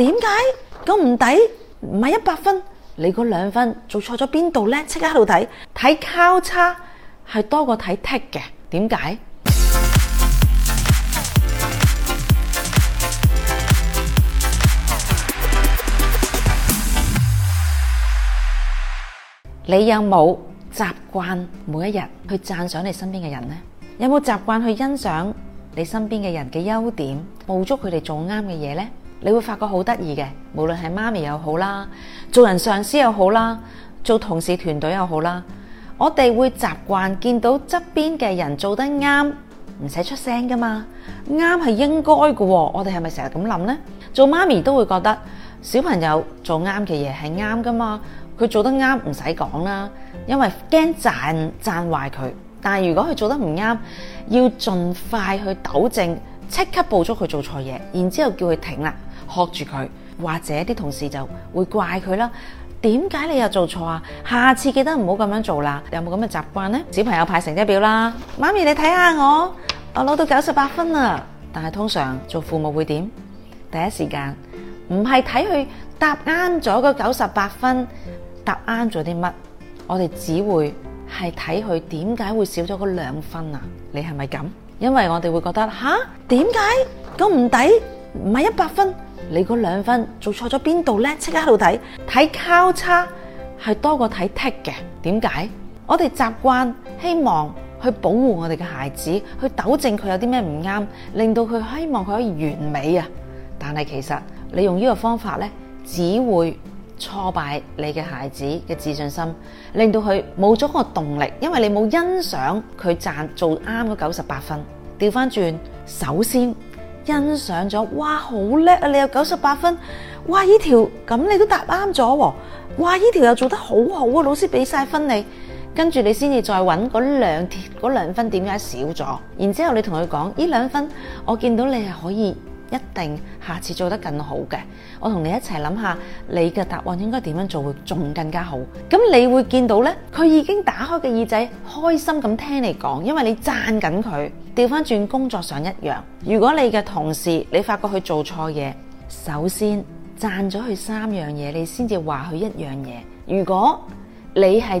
點解咁唔抵？唔係一百分，你嗰兩分做錯咗邊度呢？即刻喺度睇，睇交叉係多過睇踢嘅。點解？你有冇習慣每一日去讚賞你身邊嘅人呢？有冇習慣去欣賞你身邊嘅人嘅優點，捕捉佢哋做啱嘅嘢呢？你會發覺好得意嘅，無論係媽咪又好啦，做人上司又好啦，做同事團隊又好啦，我哋會習慣見到側邊嘅人做得啱，唔使出聲噶嘛，啱係應該噶，我哋係咪成日咁諗呢？做媽咪都會覺得小朋友做啱嘅嘢係啱噶嘛，佢做得啱唔使講啦，因為驚讚讚壞佢。但係如果佢做得唔啱，要盡快去糾正，即刻捕捉佢做錯嘢，然之後叫佢停啦。學住佢，或者啲同事就會怪佢啦。點解你又做錯啊？下次記得唔好咁樣做啦。有冇咁嘅習慣呢？小朋友派成績表啦，媽咪你睇下我，我攞到九十八分啊！但係通常做父母會點？第一時間唔係睇佢答啱咗嗰九十八分，答啱咗啲乜？我哋只會係睇佢點解會少咗嗰兩分啊？你係咪咁？因為我哋會覺得吓？點解咁唔抵，唔係一百分。你嗰兩分做錯咗邊度呢？即刻喺度睇，睇交叉係多過睇 tick 嘅。點解？我哋習慣希望去保護我哋嘅孩子，去糾正佢有啲咩唔啱，令到佢希望佢可以完美啊。但係其實你用呢個方法呢，只會挫敗你嘅孩子嘅自信心，令到佢冇咗嗰個動力，因為你冇欣賞佢賺做啱咗九十八分。調翻轉，首先。欣賞咗，哇，好叻啊！你有九十八分，哇，呢條咁你都答啱咗喎，哇，呢條又做得好好啊！老師俾晒分你，跟住你先至再揾嗰兩條兩分，點解少咗？然之後你同佢講呢兩分，我見到你係可以。一定下次做得更好嘅，我同你一齊諗下，你嘅答案應該點樣做會仲更加好？咁你會見到咧，佢已經打開嘅耳仔，開心咁聽你講，因為你讚緊佢。調翻轉工作上一樣。如果你嘅同事你發覺佢做錯嘢，首先讚咗佢三樣嘢，你先至話佢一樣嘢。如果你係。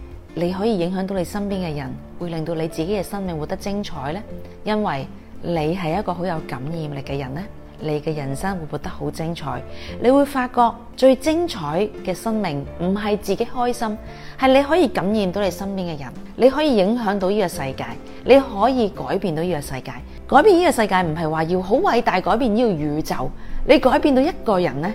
你可以影響到你身邊嘅人，會令到你自己嘅生命活得精彩呢。因為你係一個好有感染力嘅人呢，你嘅人生會活得好精彩。你會發覺最精彩嘅生命唔係自己開心，係你可以感染到你身邊嘅人，你可以影響到呢個世界，你可以改變到呢個世界。改變呢個世界唔係話要好偉大改變呢個宇宙，你改變到一個人呢。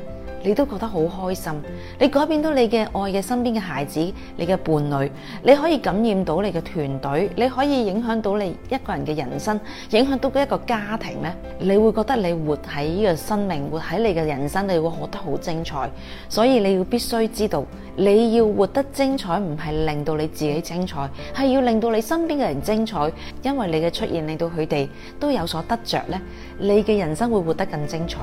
你都覺得好開心，你改變到你嘅愛嘅身邊嘅孩子，你嘅伴侶，你可以感染到你嘅團隊，你可以影響到你一個人嘅人生，影響到一個家庭，你會覺得你活喺呢個生命，活喺你嘅人生，你會活得好精彩。所以你要必須知道，你要活得精彩，唔係令到你自己精彩，係要令到你身邊嘅人精彩，因為你嘅出現令到佢哋都有所得着，你嘅人生會活得更精彩。